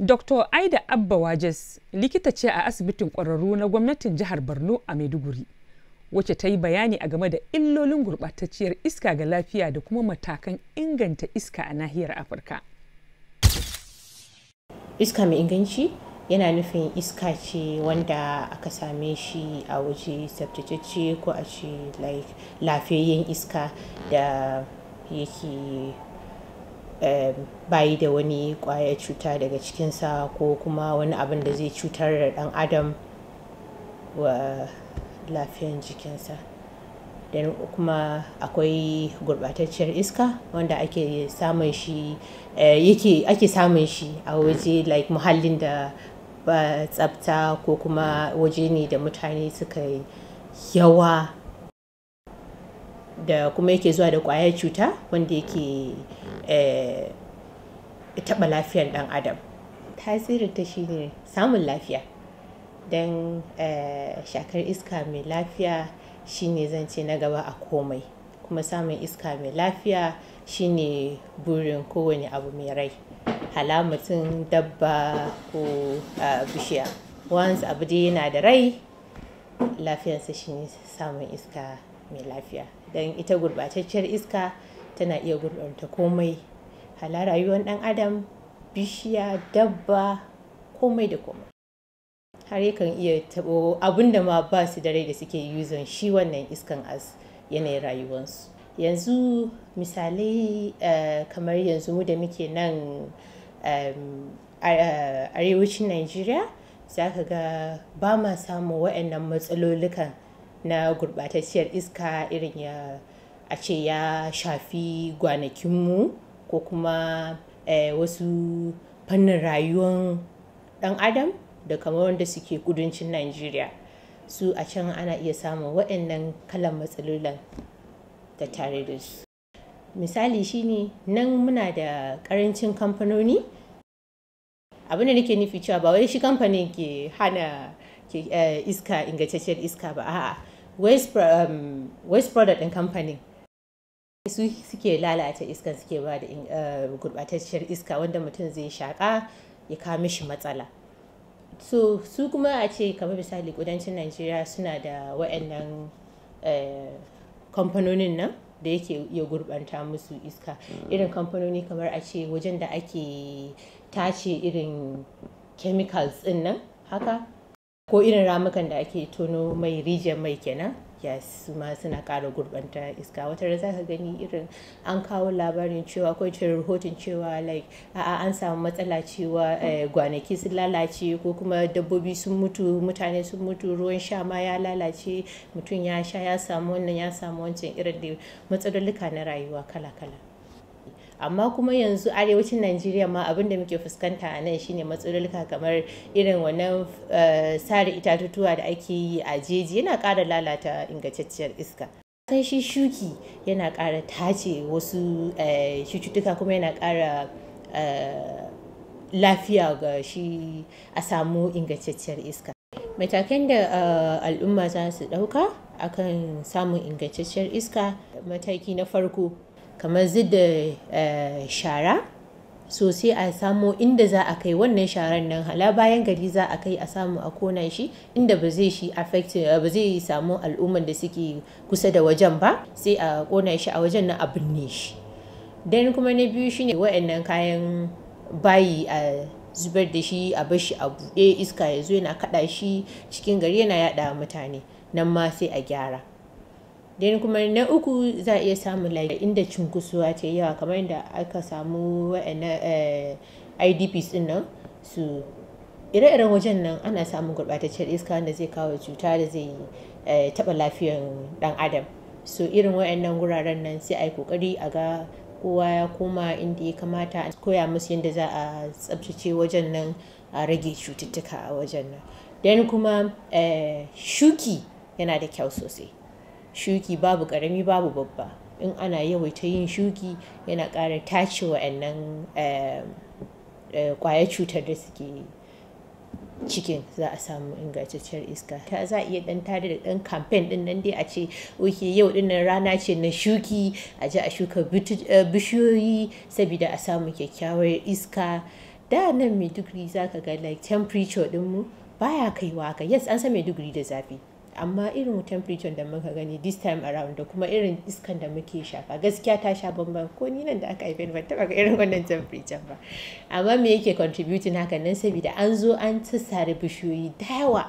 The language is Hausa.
Dr. Aida Abba Wajes likita ce a asibitin ƙwararru na gwamnatin jihar Borno a Maiduguri, wacce ta yi bayani a game da illolin gurɓatacciyar iska ga lafiya da kuma matakan inganta iska a nahiyar Afirka. Iska mai inganci yana nufin iska ce wanda aka same shi a waje tsaftatacce ko a ce lafiyayyen iska da yake Eh, bayi da wani kwayar cuta daga cikinsa ko kuma wani abin da zai cutar da ɗan adam wa lafiyan jikinsa dan kuma akwai gurbatacciyar iska wanda ake samun shi eh, yake ake samun shi a waje like muhallin da ba tsafta ko kuma waje ne da mutane suka yawa da kuma yake zuwa da kwayar cuta wanda yake Eh, taɓa lafiyar ɗan adam tasirinta shine samun lafiya don eh, shakar iska mai lafiya shine zance na gaba a komai kuma samun iska mai lafiya shine burin kowane abu mai rai hala dabba ko eh, bishiya once abu dai yana da rai lafiyarsa shine samun iska mai lafiya don ita gurbatacciyar iska tana iya gurɓanta komai hala rayuwar ɗan adam bishiya dabba komai da komai har yakan iya taɓo abinda ma ba su da rai da suke yuzon shi wannan iskan as yanayin rayuwarsu yanzu misalai eh, kamar yanzu mu da muke nan arewacin nigeria za ka ga ba ma samun waɗannan matsalolukan na gurɓatacciyar iska irin ya a ce ya shafi gwanakinmu ko kuma eh, wasu fannin rayuwar ɗan adam da kamar wanda suke kudancin Najeriya su a can ana iya samun waɗannan kalan matsalolin da tare da su. Misali shine nan muna da karancin kamfanoni abin da nake nufi cewa ba wai shi kamfanin ke hana eh, iska ingantacciyar iska ba a'a waste um, product ɗin kamfanin su suke lalata iska suke ba da eh, gurɓatacciyar iska wanda mutum zai shaƙa ya kawo mishi matsala so su kuma a ce kamar misali kudancin najeriya suna da wa'annan eh, kamfanonin nan da yake ya gurɓanta musu iska irin kamfanoni kamar a ce wajen da ake tace irin chemicals din nan haka ko irin ramukan da ake tono mai rijiyar mai kenan ya su ma suna ƙara gurbanta iska wata da zaka gani irin an kawo labarin cewa ko ce rahoton cewa like a an samu matsala cewa eh, gwanaki sun lalace ko kuma dabbobi sun mutu mutane sun mutu ruwan sha ma ya lalace mutum ya sha ya samu wannan ya samu wancan irin da matsalolika na rayuwa kala-kala amma kuma yanzu arewacin najeriya ma abin da muke fuskanta a nan shine matsalolika kamar irin wannan eh, sare itatutuwa da ake yi a jeji yana ƙara lalata ingantacciyar iska san shi shuki yana ƙara tace wasu eh, cututtuka kuma yana ƙara eh, lafiya ga shi a samu ingantacciyar iska matakan da al'umma za su ɗauka akan samun ingantacciyar iska mataki na farko kamar zidda eh, shara so sai a samo inda za a kai wannan sharan nan hala bayan gari za a kai a samu a kona shi inda ba zai shi affect eh, ba zai samu al'umman da suke kusa da wajen ba sai a kona shi a wajen na a binne shi dan kuma na biyu shine waɗannan kayan bayi a zubar da shi a bar shi a buɗe iska ya yana kaɗa shi cikin gari yana yaɗa mutane nan ma sai a gyara den kuma na uku za a iya samun like inda cunkusuwa ta yawa kamar inda aka samu wa'annan eh, idps din nan su ire-iren wajen nan ana samun gurɓataccen iska wanda zai kawo cuta da zai eh, taɓa lafiyar ɗan adam so irin wayannan wuraren nan sai a yi kokari a ga kowa ya koma inda ya kamata a koya musu yadda za a tsabtace wajen nan a rage cututtuka a wajen nan dan kuma eh, shuki yana da kyau sosai shuki babu karami babu babba in ana yawaita yin shuki yana ƙara tace wa'annan kwaya eh, eh, cutar da suke cikin za a samu ingantacciyar iska ta za a iya dan tare da dan kamfen din nan dai a ce oke yau din nan rana ce na shuki a ji a shuka eh, bishiyoyi saboda a samu kyakkyawar iska da nan maiduguri za ka ga like temperature dinmu baya kaiwa ka yes an san maiduguri da zafi amma irin temperature da muka gani this time around da kuma irin iskan da muke shafa gaskiya ta sha bambam ko ni nan da aka haife ban taba ga irin wannan temperature ba amma me yake contributing haka nan saboda an zo an tsare bishiyoyi da yawa